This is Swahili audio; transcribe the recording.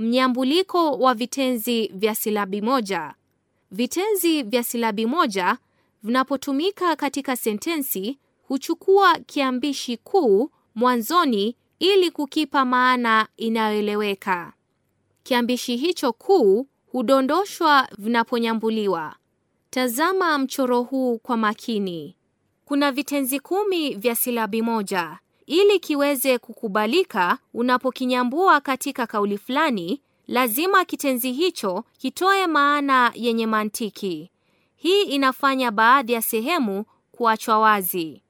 Mnyambuliko wa vitenzi vya silabi moja. Vitenzi vya silabi moja vinapotumika katika sentensi huchukua kiambishi kuu mwanzoni ili kukipa maana inayoeleweka. Kiambishi hicho kuu hudondoshwa vinaponyambuliwa. Tazama mchoro huu kwa makini. Kuna vitenzi kumi vya silabi moja. Ili kiweze kukubalika unapokinyambua katika kauli fulani, lazima kitenzi hicho kitoe maana yenye mantiki. Hii inafanya baadhi ya sehemu kuachwa wazi.